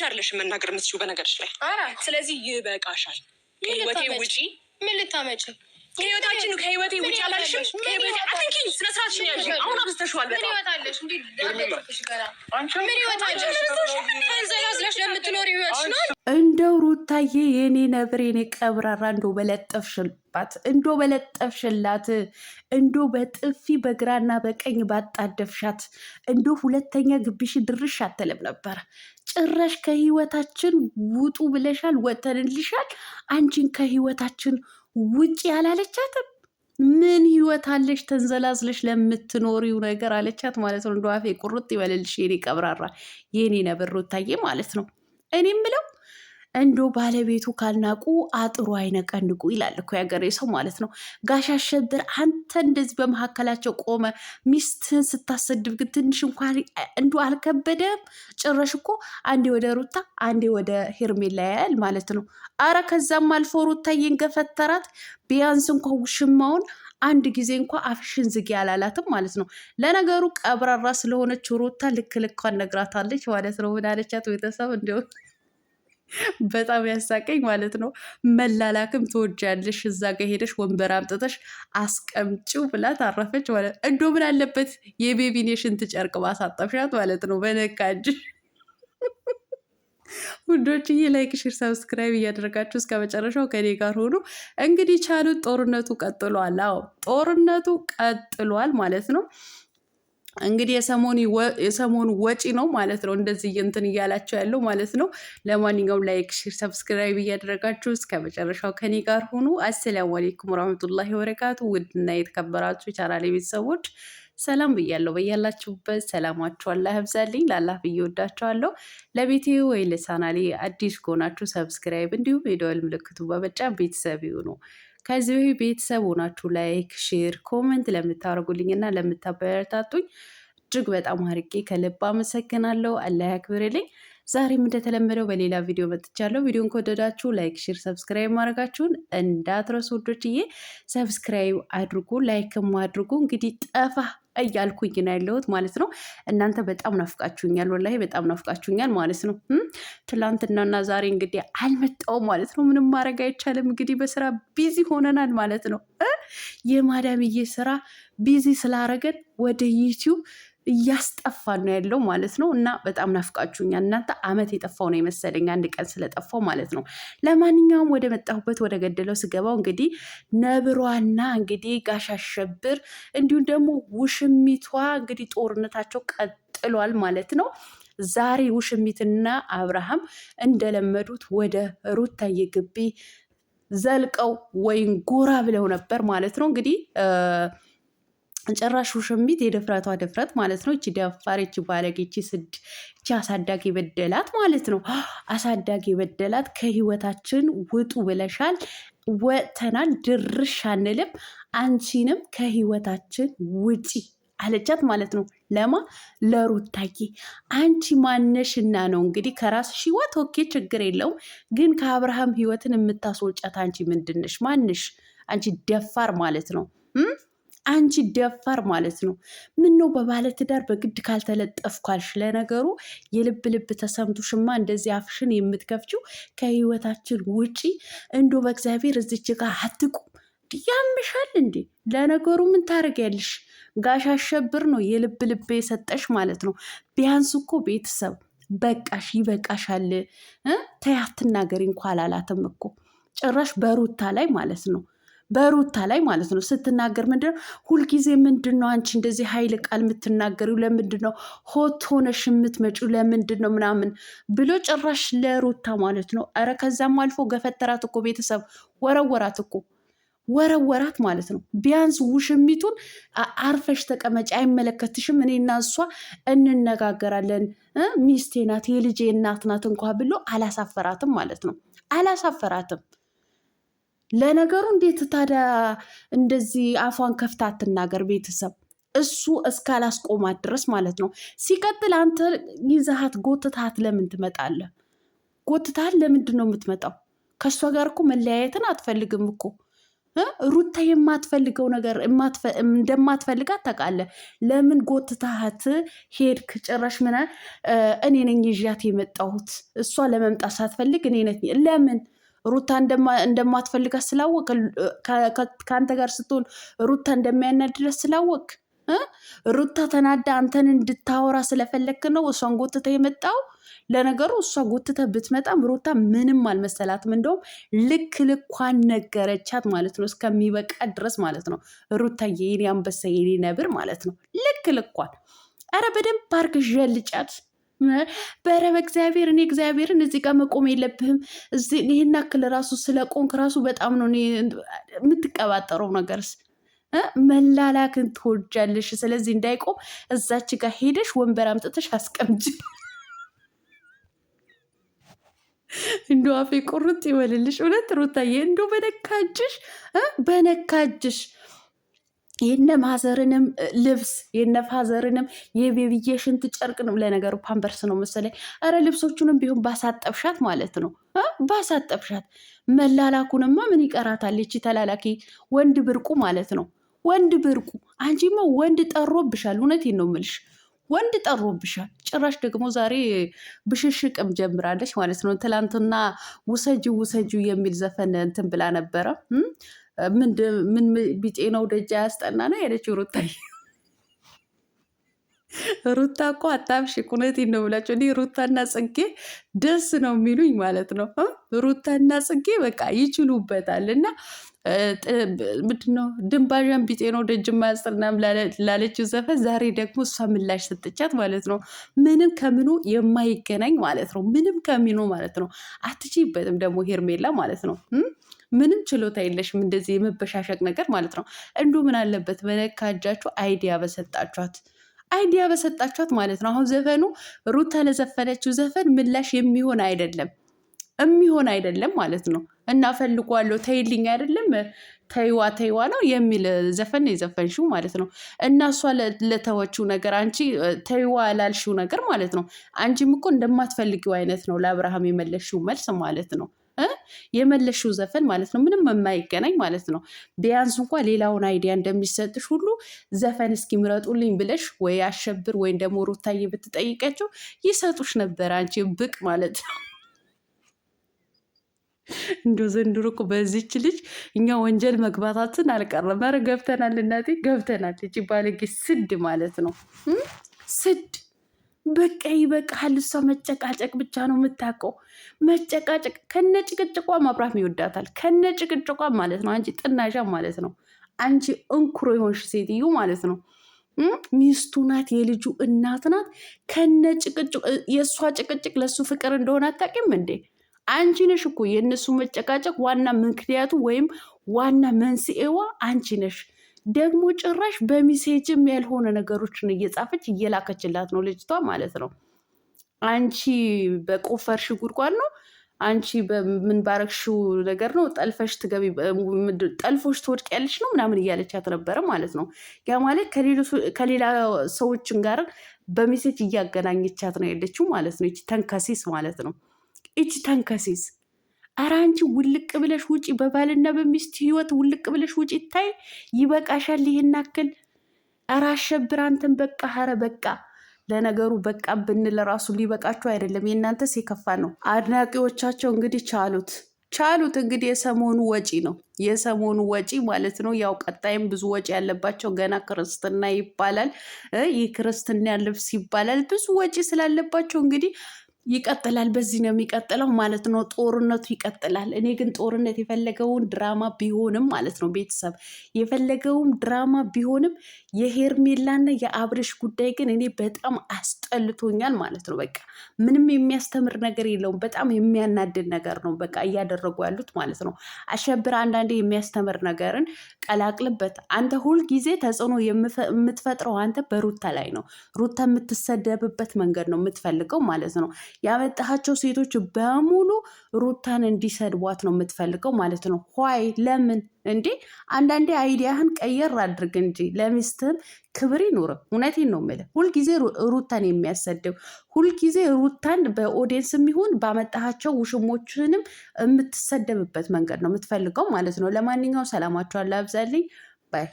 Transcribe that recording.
ቻርለሽ መናገር የምትችው በነገርች ላይ ስለዚህ ይበቃሻል። ከህይወቴ ውጪ ምን ልታመጭ ከህይወታችን ከህይወቴ ውጭ አላልሽም። ከህይወቴ አትንኪኝ። ስነ ስርዓት ምን ያልሽ አሁን አብዝተሽዋል። በጣም እንደው ሩታዬ የኔ ነብር የኔ ቀብራራ እንዶ በለጠፍሽላት እንዶ በለጠፍሽላት እንዶ በጥፊ በግራና በቀኝ ባጣደፍሻት እንዶ ሁለተኛ ግብሽ ድርሽ አትልም ነበር። ጭራሽ ከህይወታችን ውጡ ብለሻል፣ ወተንልሻል፣ አንቺን ከህይወታችን ውጭ ያላለቻትም ምን ህይወት አለሽ ተንዘላዝለሽ ለምትኖሪው ነገር አለቻት ማለት ነው። እንደዋፌ ቁርጥ ይበልልሽ የኔ ቀብራራ የኔ ነብር ሩታዬ ማለት ነው እኔ ምለው እንዶ ባለቤቱ ካልናቁ አጥሩ አይነቀንቁ ይላል እኮ ያገሬ ሰው ማለት ነው። ጋሽ አሸብር አንተ እንደዚህ በመካከላቸው ቆመ ሚስትህን ስታሰድብ ግን ትንሽ እንኳን እንዶ አልከበደም? ጭራሽ እኮ አንዴ ወደ ሩታ አንዴ ወደ ሄርሜላ ያያል ማለት ነው። አረ ከዛም አልፎ ሩታዬን ገፈተራት። ቢያንስ እንኳ ውሽማውን አንድ ጊዜ እንኳ አፍሽን ዝጊ አላላትም ማለት ነው። ለነገሩ ቀብራራ ስለሆነች ሩታ ልክ ልኳን ነግራታለች ማለት ነው። ምናለቻት ቤተሰብ እንዲሆን በጣም ያሳቀኝ ማለት ነው። መላላክም ትወጃለሽ፣ እዛ ጋ ሄደሽ ወንበር አምጥተሽ አስቀምጪው ብላ ታረፈች ማለት እንዶ ምን አለበት የቤቢን የሽንት ጨርቅ ማሳጠብሻት ማለት ነው። በነካጅ ይህ ላይክ፣ ሽር፣ ሰብስክራይብ እያደረጋችሁ እስከ መጨረሻው ከኔ ጋር ሆኑ። እንግዲህ ቻሉት ጦርነቱ ቀጥሏል። አዎ ጦርነቱ ቀጥሏል ማለት ነው። እንግዲህ የሰሞኑ ወጪ ነው ማለት ነው። እንደዚህ እንትን እያላቸው ያለው ማለት ነው። ለማንኛውም ላይክ፣ ሼር፣ ሰብስክራይብ እያደረጋችሁ እስከ መጨረሻው ከኔ ጋር ሆኑ። አሰላሙ አሌይኩም ወራህመቱላሂ ወበረካቱ። ውድና የተከበራችሁ የቻናሌ ቤተሰቦች ሰላም ብያለሁ። በያላችሁበት ሰላማችሁ አላህ ያብዛልኝ። ላላህ ብዬ ወዳችኋለሁ። ለቤቴ ወይ ለቻናሌ አዲስ ከሆናችሁ ሰብስክራይብ እንዲሁም የደወል ምልክቱ በመጫን ቤተሰብ ይሁኑ። ከዚህ ቤተሰብ ሆናችሁ ላይክ፣ ሼር፣ ኮመንት ለምታደርጉልኝ እና ለምታበረታቱኝ እጅግ በጣም አርጌ ከልብ አመሰግናለሁ። አላህ ያክብርልኝ። ዛሬም እንደተለመደው በሌላ ቪዲዮ መጥቻለሁ። ቪዲዮን ከወደዳችሁ ላይክ፣ ሼር፣ ሰብስክራይብ ማድረጋችሁን እንዳትረሱ ውዶችዬ። ሰብስክራይብ አድርጉ፣ ላይክም አድርጉ። እንግዲህ ጠፋ እያልኩኝ ነው ያለሁት ማለት ነው። እናንተ በጣም ናፍቃችሁኛል፣ ወላ በጣም ናፍቃችሁኛል ማለት ነው። ትላንትናና ዛሬ እንግዲህ አልመጣውም ማለት ነው። ምንም ማድረግ አይቻልም። እንግዲህ በስራ ቢዚ ሆነናል ማለት ነው። የማዳምዬ ስራ ቢዚ ስላረገን ወደ ዩቲዩብ እያስጠፋን ነው ያለው ማለት ነው። እና በጣም ናፍቃችሁኛል እናንተ። አመት የጠፋው ነው የመሰለኝ አንድ ቀን ስለጠፋው ማለት ነው። ለማንኛውም ወደ መጣሁበት ወደ ገደለው ስገባው እንግዲህ ነብሯና እንግዲህ ጋሽ አሸብር እንዲሁም ደግሞ ውሽሚቷ እንግዲህ ጦርነታቸው ቀጥሏል ማለት ነው። ዛሬ ውሽሚትና አብርሃም እንደለመዱት ወደ ሩታዬ ግቢ ዘልቀው ወይም ጎራ ብለው ነበር ማለት ነው እንግዲህ ጭራሽ ውሽሚት የድፍረቷ ድፍረት ማለት ነው። እቺ ደፋር፣ እቺ ባለጌ፣ እቺ ስድ፣ እቺ አሳዳጊ በደላት ማለት ነው። አሳዳጊ በደላት ከህይወታችን ውጡ ብለሻል። ወጥተናል፣ ድርሽ አንልም፣ አንቺንም ከህይወታችን ውጪ አለቻት ማለት ነው። ለማ ለሩታዬ አንቺ ማነሽና ነው እንግዲህ ከራስሽ ህይወት ኦኬ፣ ችግር የለውም ግን ከአብርሃም ህይወትን የምታስወጫት አንቺ ምንድንሽ? ማንሽ? አንቺ ደፋር ማለት ነው። አንቺ ደፋር ማለት ነው። ምን ነው በባለ ትዳር በግድ ካልተለጠፍኳልሽ። ለነገሩ የልብ ልብ ተሰምቶሽማ እንደዚህ አፍሽን የምትከፍችው ከህይወታችን ውጪ እንዶ በእግዚአብሔር እዚች ጋር አትቁም። ያምሻል እንዴ? ለነገሩ ምን ታደርጊያለሽ? ጋሽ አሸብር ነው የልብ ልብ የሰጠሽ ማለት ነው። ቢያንስ እኮ ቤተሰብ በቃሽ ይበቃሻል፣ ተይ አትናገሪ እንኳ አላላትም እኮ ጭራሽ በሩታ ላይ ማለት ነው። በሩታ ላይ ማለት ነው ስትናገር ምንድን ነው ሁልጊዜ ምንድን ነው አንቺ እንደዚህ ኃይል ቃል የምትናገሪው ለምንድን ነው ሆት ሆነሽ የምትመጪው ለምንድን ነው ምናምን ብሎ ጭራሽ ለሩታ ማለት ነው ኧረ ከዛም አልፎ ገፈተራት እኮ ቤተሰብ ወረወራት እኮ ወረወራት ማለት ነው። ቢያንስ ውሽሚቱን አርፈሽ ተቀመጭ፣ አይመለከትሽም፣ እኔና እሷ እንነጋገራለን፣ ሚስቴ ናት፣ የልጄ እናት ናት እንኳ ብሎ አላሳፈራትም ማለት ነው። አላሳፈራትም። ለነገሩ እንዴት ታዲያ እንደዚህ አፏን ከፍታ አትናገር ቤተሰብ እሱ እስካላስቆማት ድረስ ማለት ነው። ሲቀጥል አንተ ይዘሃት ጎትታት ለምን ትመጣለህ? ጎትታት ለምንድን ነው የምትመጣው? ከእሷ ጋር እኮ መለያየትን አትፈልግም እኮ ሩታ የማትፈልገው ነገር እንደማትፈልጋት ታውቃለህ። ለምን ጎትታሃት ሄድክ? ጭራሽ ምና እኔ ነኝ ይዣት የመጣሁት እሷ ለመምጣት ሳትፈልግ እኔ ነኝ ለምን ሩታ እንደማትፈልጋት ስላወቅ ከአንተ ጋር ስትሆን ሩታ እንደሚያናድረት ስላወቅ ሩታ ተናዳ አንተን እንድታወራ ስለፈለግክ ነው እሷን ጎትተ የመጣው። ለነገሩ እሷ ጎትተ ብትመጣም ሩታ ምንም አልመሰላትም። እንደውም ልክ ልኳን ነገረቻት ማለት ነው፣ እስከሚበቃ ድረስ ማለት ነው። ሩታ የኔ አንበሳ የኔ ነብር ማለት ነው፣ ልክ ልኳን። አረ በደንብ ፓርክ ዠልጫት በረ በእግዚአብሔር እኔ እግዚአብሔርን እዚህ ጋር መቆም የለብህም። ይህን ያክል ራሱ ስለ ቆንክ ራሱ በጣም ነው የምትቀባጠረው። ነገርስ መላላክን ትወጃለሽ። ስለዚህ እንዳይቆም እዛች ጋር ሄደሽ ወንበር አምጥተሽ አስቀምጭ። እንደ አፌ ቁርጥ ይበልልሽ። እውነት ሩታዬ እንደ በነካጅሽ በነካጅሽ የነ ማዘርንም ልብስ የነ ፋዘርንም የቤቢዬ ሽንት ጨርቅ ነው። ለነገሩ ፓምፐርስ ነው መሰለኝ። ኧረ ልብሶቹንም ቢሆን ባሳጠብሻት ማለት ነው ባሳጠብሻት። መላላኩንማ ምን ይቀራታል ይቺ ተላላኪ ወንድ ብርቁ ማለት ነው። ወንድ ብርቁ። አንቺማ ወንድ ጠሮብሻል። እውነቴን ነው የምልሽ ወንድ ጠሮብሻል። ጭራሽ ደግሞ ዛሬ ብሽሽቅም ጀምራለች ማለት ነው። ትላንትና ውሰጂ ውሰጂ የሚል ዘፈን እንትን ብላ ነበረ ምን ቢጤ ነው ደጃ ያስጠና ነው ያለችው ሩታ። ሩታ እኮ አታብሽ ቁነት ነው ብላቸው። እኔ ሩታና ጽጌ ደስ ነው የሚሉኝ ማለት ነው። ሩታና ጽጌ በቃ ይችሉበታል እና ምንድነው ድንባዣን ቢጤ ነው ደጅ ማያስጠናም ላለችው ዘፈን ዛሬ ደግሞ እሷ ምላሽ ሰጥቻት ማለት ነው። ምንም ከምኑ የማይገናኝ ማለት ነው። ምንም ከሚኑ ማለት ነው። አትችይበትም ደግሞ ሄርሜላ ማለት ነው። ምንም ችሎታ የለሽም እንደዚህ የመበሻሸቅ ነገር ማለት ነው። እንዱ ምን አለበት በነካ እጃችሁ አይዲያ በሰጣችኋት አይዲያ በሰጣችኋት ማለት ነው። አሁን ዘፈኑ ሩታ ለዘፈነችው ዘፈን ምላሽ የሚሆን አይደለም የሚሆን አይደለም ማለት ነው። እና ፈልጓለሁ ተይልኝ አይደለም ተይዋ ተይዋ ነው የሚል ዘፈን የዘፈንሽው ማለት ነው። እና እሷ ለተወችው ነገር አንቺ ተይዋ ላልሽው ነገር ማለት ነው። አንቺም እኮ እንደማትፈልጊው አይነት ነው ለአብርሃም የመለስሽው መልስ ማለት ነው። የመለሽው ዘፈን ማለት ነው። ምንም የማይገናኝ ማለት ነው። ቢያንስ እንኳ ሌላውን አይዲያ እንደሚሰጥሽ ሁሉ ዘፈን እስኪ ምረጡልኝ ብለሽ ወይ አሸብር ወይም ደግሞ ሩታዬ ብትጠይቃቸው ይሰጡሽ ነበር። አንቺ ብቅ ማለት ነው። እንዶ ዘንድሮ እኮ በዚች ልጅ እኛ ወንጀል መግባታችን አልቀረም። ኧረ ገብተናል፣ እናቴ ገብተናል። እጅ ባለጌ ስድ ማለት ነው ስድ በቃ ይበቃሃል። እሷ መጨቃጨቅ ብቻ ነው የምታውቀው። መጨቃጨቅ ከነ ጭቅጭቋ ማብራም ይወዳታል። ከነ ጭቅጭቋ ማለት ነው። አንቺ ጥናሻ ማለት ነው። አንቺ እንኩሮ የሆንሽ ሴትዮ ማለት ነው። ሚስቱ ናት፣ የልጁ እናት ናት። ከነ ጭቅጭቅ የእሷ ጭቅጭቅ ለእሱ ፍቅር እንደሆነ አታውቂም እንዴ? አንቺ ነሽ እኮ የእነሱ መጨቃጨቅ ዋና ምክንያቱ ወይም ዋና መንስኤዋ አንቺ ነሽ። ደግሞ ጭራሽ በሚሴጅም ያልሆነ ነገሮችን እየጻፈች እየላከችላት ነው ልጅቷ ማለት ነው። አንቺ በቆፈርሽ ጉድጓድ ነው አንቺ በምን ባረግሽው ነገር ነው ጠልፈሽ ትገቢ ጠልፎሽ ትወድቅ ያለች ነው ምናምን እያለቻት ነበረ ማለት ነው። ያ ማለት ከሌላ ሰዎችን ጋር በሚሴጅ እያገናኘቻት ነው ያለችው ማለት ነው። ተንከሲስ ማለት ነው። እቺ ተንከሲስ ኧረ አንቺ ውልቅ ብለሽ ውጪ፣ በባልና በሚስት ህይወት ውልቅ ብለሽ ውጪ። ይታይ ይበቃሻል። ይህን አክል አረ አሸብር አንተን በቃ፣ ሀረ በቃ። ለነገሩ በቃ ብንል ራሱ ሊበቃችሁ አይደለም። የእናንተስ የከፋ ነው። አድናቂዎቻቸው እንግዲህ ቻሉት ቻሉት እንግዲህ የሰሞኑ ወጪ ነው የሰሞኑ ወጪ ማለት ነው። ያው ቀጣይም ብዙ ወጪ ያለባቸው ገና ክርስትና ይባላል ይህ ክርስትና ልብስ ይባላል ብዙ ወጪ ስላለባቸው እንግዲህ ይቀጥላል። በዚህ ነው የሚቀጥለው ማለት ነው። ጦርነቱ ይቀጥላል። እኔ ግን ጦርነት የፈለገውን ድራማ ቢሆንም ማለት ነው ቤተሰብ የፈለገውም ድራማ ቢሆንም የሄርሜላና የአብርሽ ጉዳይ ግን እኔ በጣም አስጠልቶኛል ማለት ነው። በቃ ምንም የሚያስተምር ነገር የለውም። በጣም የሚያናድድ ነገር ነው በቃ እያደረጉ ያሉት ማለት ነው። አሸብር አንዳንዴ የሚያስተምር ነገርን ቀላቅልበት። አንተ ሁልጊዜ ተጽዕኖ የምትፈጥረው አንተ በሩታ ላይ ነው። ሩታ የምትሰደብበት መንገድ ነው የምትፈልገው ማለት ነው። ያመጣሃቸው ሴቶች በሙሉ ሩታን እንዲሰድቧት ነው የምትፈልገው ማለት ነው። ኋይ ለምን እንዴ? አንዳንዴ አይዲያህን ቀየር አድርግ እንጂ ለሚስትህም ክብር ይኑርም። እውነቴን ነው የምልህ። ሁልጊዜ ሩታን የሚያሰድብ ሁልጊዜ ሩታን በኦዲየንስ የሚሆን ባመጣሃቸው ውሽሞችንም የምትሰደብበት መንገድ ነው የምትፈልገው ማለት ነው። ለማንኛውም ሰላማችኋን ላብዛልኝ ባይ